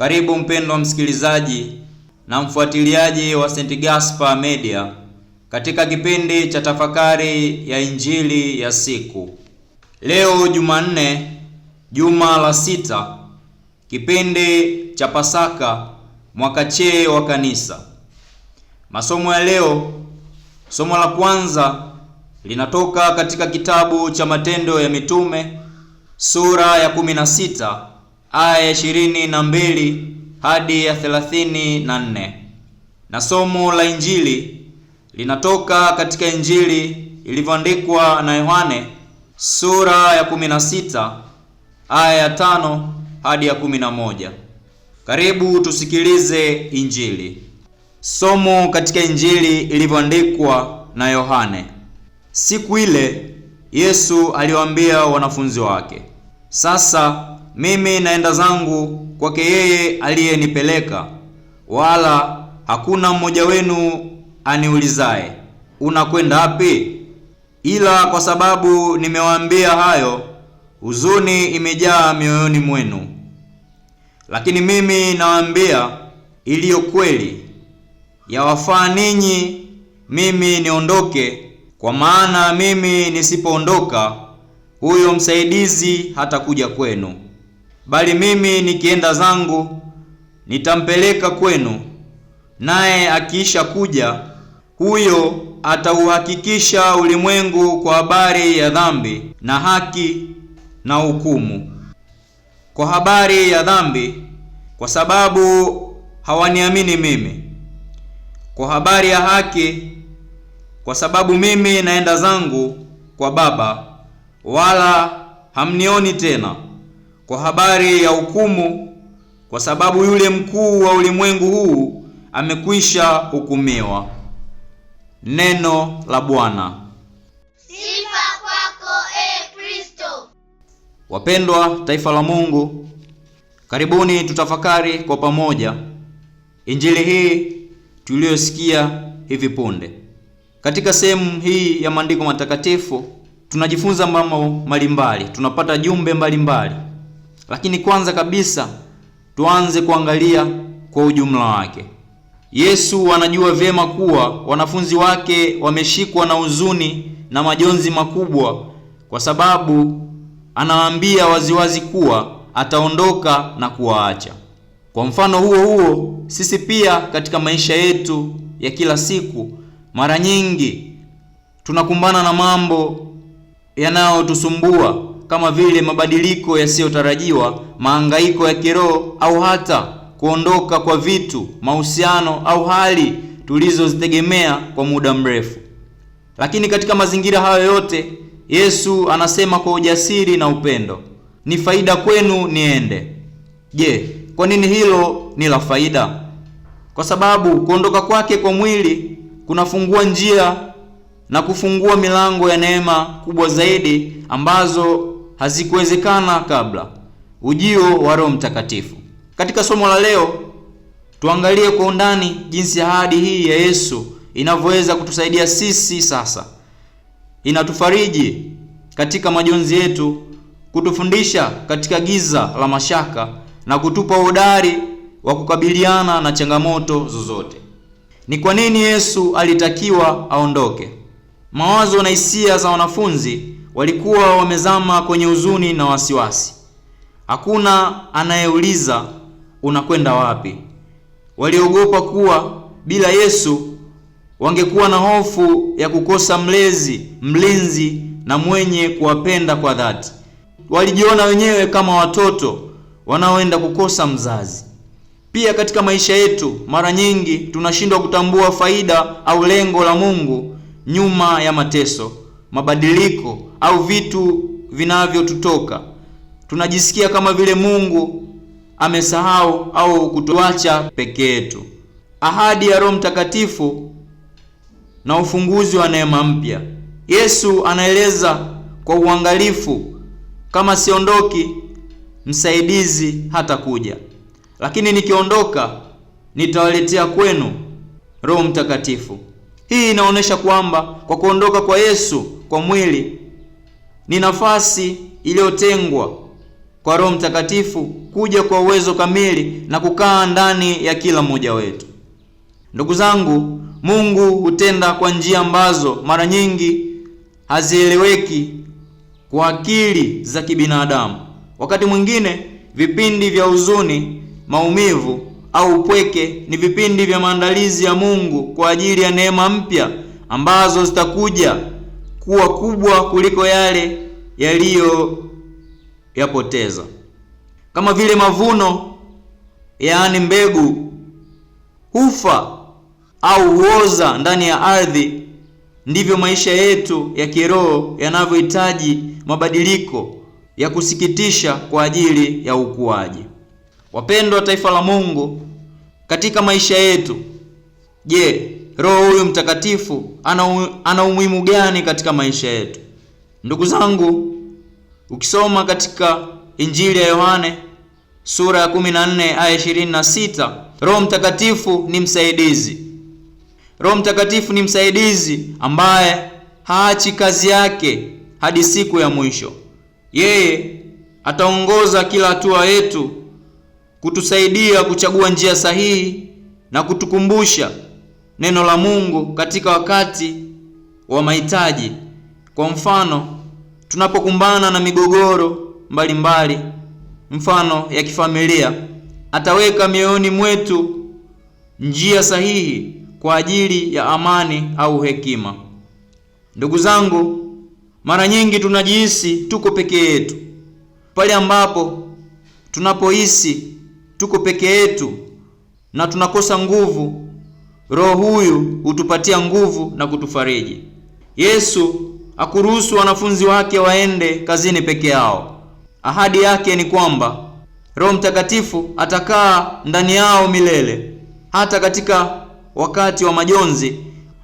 Karibu mpendwa msikilizaji na mfuatiliaji wa St. Gaspar Media katika kipindi cha tafakari ya Injili ya siku. Leo Jumanne, juma la sita, kipindi cha Pasaka mwaka C wa Kanisa. Masomo ya leo, somo la kwanza linatoka katika kitabu cha Matendo ya Mitume sura ya 16 aya ya ishirini na mbili hadi ya thelathini na nne na somo la Injili linatoka katika Injili ilivyoandikwa na Yohane sura ya kumi na sita aya ya tano hadi ya kumi na moja. Karibu tusikilize Injili. Somo katika Injili ilivyoandikwa na Yohane. Siku ile Yesu aliwaambia wanafunzi wake, sasa mimi naenda zangu kwake yeye aliyenipeleka, wala hakuna mmoja wenu aniulizaye unakwenda wapi? Ila kwa sababu nimewaambia hayo, huzuni imejaa mioyoni mwenu. Lakini mimi nawaambia iliyo kweli, yawafaa ninyi mimi niondoke, kwa maana mimi nisipoondoka, huyo msaidizi hatakuja kwenu bali mimi nikienda zangu nitampeleka kwenu, naye akiisha kuja huyo atauhakikisha ulimwengu kwa habari ya dhambi na haki na hukumu. Kwa habari ya dhambi, kwa sababu hawaniamini mimi; kwa habari ya haki, kwa sababu mimi naenda zangu kwa Baba, wala hamnioni tena kwa habari ya hukumu, kwa sababu yule mkuu wa ulimwengu huu amekwisha hukumiwa. Neno la Bwana. Sifa kwako e Kristo. Wapendwa taifa la Mungu, karibuni tutafakari kwa pamoja injili hii tuliyosikia hivi punde. Katika sehemu hii ya maandiko matakatifu tunajifunza mambo mbalimbali, tunapata jumbe mbalimbali mbali. Lakini kwanza kabisa tuanze kuangalia kwa ujumla wake. Yesu anajua vyema kuwa wanafunzi wake wameshikwa na huzuni na majonzi makubwa, kwa sababu anawaambia waziwazi kuwa ataondoka na kuwaacha. Kwa mfano huo huo, sisi pia katika maisha yetu ya kila siku, mara nyingi tunakumbana na mambo yanayotusumbua kama vile mabadiliko yasiyotarajiwa, mahangaiko ya kiroho au hata kuondoka kwa vitu, mahusiano au hali tulizozitegemea kwa muda mrefu. Lakini katika mazingira hayo yote, Yesu anasema kwa ujasiri na upendo, ni faida kwenu niende. Je, kwa nini hilo ni la faida? Kwa sababu kuondoka kwake kwa mwili kunafungua njia na kufungua milango ya neema kubwa zaidi ambazo hazikuwezekana kabla ujio wa Roho Mtakatifu. Katika somo la leo tuangalie kwa undani jinsi ahadi hii ya Yesu inavyoweza kutusaidia sisi sasa. Inatufariji katika majonzi yetu, kutufundisha katika giza la mashaka na kutupa uhodari wa kukabiliana na changamoto zozote. Ni kwa nini Yesu alitakiwa aondoke? Mawazo na hisia za wanafunzi walikuwa wamezama kwenye huzuni na wasiwasi. Hakuna anayeuliza unakwenda wapi. Waliogopa kuwa bila Yesu wangekuwa na hofu ya kukosa mlezi, mlinzi na mwenye kuwapenda kwa dhati. Walijiona wenyewe kama watoto wanaoenda kukosa mzazi. Pia katika maisha yetu mara nyingi tunashindwa kutambua faida au lengo la Mungu nyuma ya mateso mabadiliko au vitu vinavyotutoka, tunajisikia kama vile Mungu amesahau au kutuacha peke yetu. Ahadi ya Roho Mtakatifu na ufunguzi wa neema mpya. Yesu anaeleza kwa uangalifu, kama siondoki msaidizi hatakuja, lakini nikiondoka nitawaletea kwenu Roho Mtakatifu. Hii inaonyesha kwamba kwa kuondoka kwa Yesu kwa mwili ni nafasi iliyotengwa kwa Roho Mtakatifu kuja kwa uwezo kamili na kukaa ndani ya kila mmoja wetu. Ndugu zangu, Mungu hutenda kwa njia ambazo mara nyingi hazieleweki kwa akili za kibinadamu. Wakati mwingine vipindi vya huzuni, maumivu au upweke ni vipindi vya maandalizi ya Mungu kwa ajili ya neema mpya ambazo zitakuja kuwa kubwa kuliko yale yaliyo yapoteza kama vile mavuno, yaani mbegu hufa au huoza ndani ya ardhi, ndivyo maisha yetu ya kiroho yanavyohitaji mabadiliko ya kusikitisha kwa ajili ya ukuaji. Wapendwa taifa la Mungu, katika maisha yetu, je, Roho huyu Mtakatifu ana, ana umuhimu gani katika maisha yetu? Ndugu zangu, ukisoma katika Injili ya Yohane sura ya 14 aya 26, Roho Mtakatifu ni msaidizi. Roho Mtakatifu ni msaidizi ambaye haachi kazi yake hadi siku ya mwisho. Yeye ataongoza kila hatua yetu kutusaidia kuchagua njia sahihi na kutukumbusha neno la Mungu katika wakati wa mahitaji. Kwa mfano, tunapokumbana na migogoro mbalimbali mbali, mfano ya kifamilia, ataweka mioyoni mwetu njia sahihi kwa ajili ya amani au hekima. Ndugu zangu, mara nyingi tunajihisi tuko peke yetu pale ambapo tunapohisi tuko peke yetu na tunakosa nguvu, Roho huyu hutupatia nguvu na kutufariji. Yesu akuruhusu wanafunzi wake waende kazini peke yao. Ahadi yake ni kwamba Roho Mtakatifu atakaa ndani yao milele, hata katika wakati wa majonzi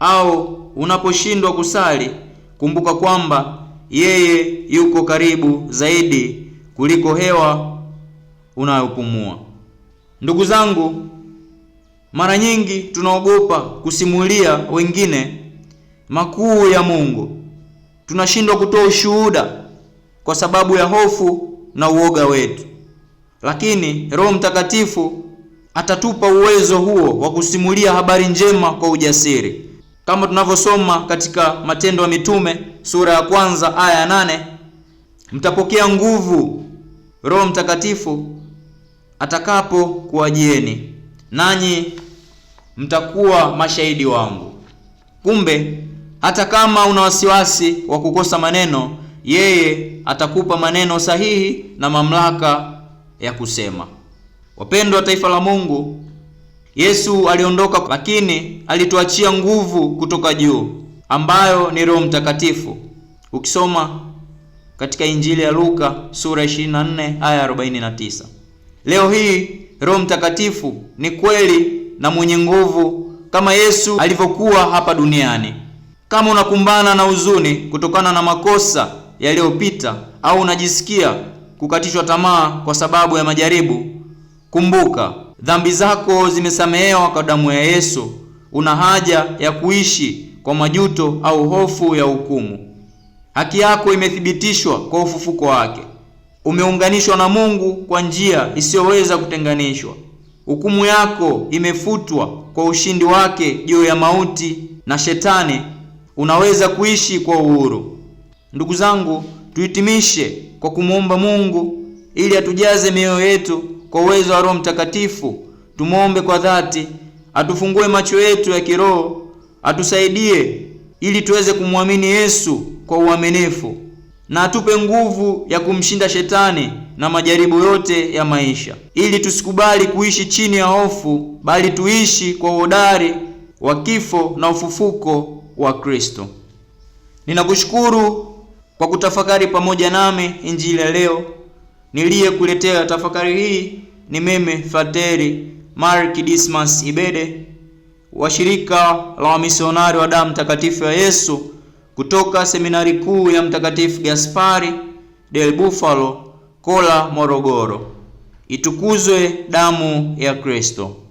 au unaposhindwa kusali. Kumbuka kwamba yeye yuko karibu zaidi kuliko hewa unayopumua. Ndugu zangu, mara nyingi tunaogopa kusimulia wengine makuu ya Mungu. Tunashindwa kutoa ushuhuda kwa sababu ya hofu na uoga wetu, lakini Roho Mtakatifu atatupa uwezo huo wa kusimulia habari njema kwa ujasiri, kama tunavyosoma katika Matendo ya Mitume sura ya kwanza aya ya nane mtapokea nguvu Roho Mtakatifu atakapo kuwajieni, nanyi mtakuwa mashahidi wangu. Kumbe hata kama una wasiwasi wa kukosa maneno, yeye atakupa maneno sahihi na mamlaka ya kusema. Wapendwa taifa la Mungu, Yesu aliondoka, lakini alituachia nguvu kutoka juu ambayo ni Roho Mtakatifu. Ukisoma katika Injili ya Luka sura 24 aya 49. Leo hii Roho Mtakatifu ni kweli na mwenye nguvu kama Yesu alivyokuwa hapa duniani. Kama unakumbana na huzuni kutokana na makosa yaliyopita au unajisikia kukatishwa tamaa kwa sababu ya majaribu, kumbuka dhambi zako zimesamehewa kwa damu ya Yesu. Una haja ya kuishi kwa majuto au hofu ya hukumu. Haki yako imethibitishwa kwa ufufuko wake umeunganishwa na Mungu kwa njia isiyoweza kutenganishwa. Hukumu yako imefutwa kwa ushindi wake juu ya mauti na Shetani, unaweza kuishi kwa uhuru. Ndugu zangu, tuhitimishe kwa kumwomba Mungu ili atujaze mioyo yetu kwa uwezo wa Roho Mtakatifu. Tumwombe kwa dhati atufungue macho yetu ya kiroho, atusaidie ili tuweze kumwamini Yesu kwa uaminifu na atupe nguvu ya kumshinda shetani na majaribu yote ya maisha, ili tusikubali kuishi chini ya hofu, bali tuishi kwa uhodari wa kifo na ufufuko wa Kristo. Ninakushukuru kwa kutafakari pamoja nami injili ya leo. Niliyekuletea tafakari hii ni mimi Frateri Mark Dismas Ibede wa shirika la wamisionari wa damu takatifu ya Yesu kutoka seminari kuu ya Mtakatifu Gaspari del Bufalo, Kola, Morogoro. Itukuzwe damu ya Kristo!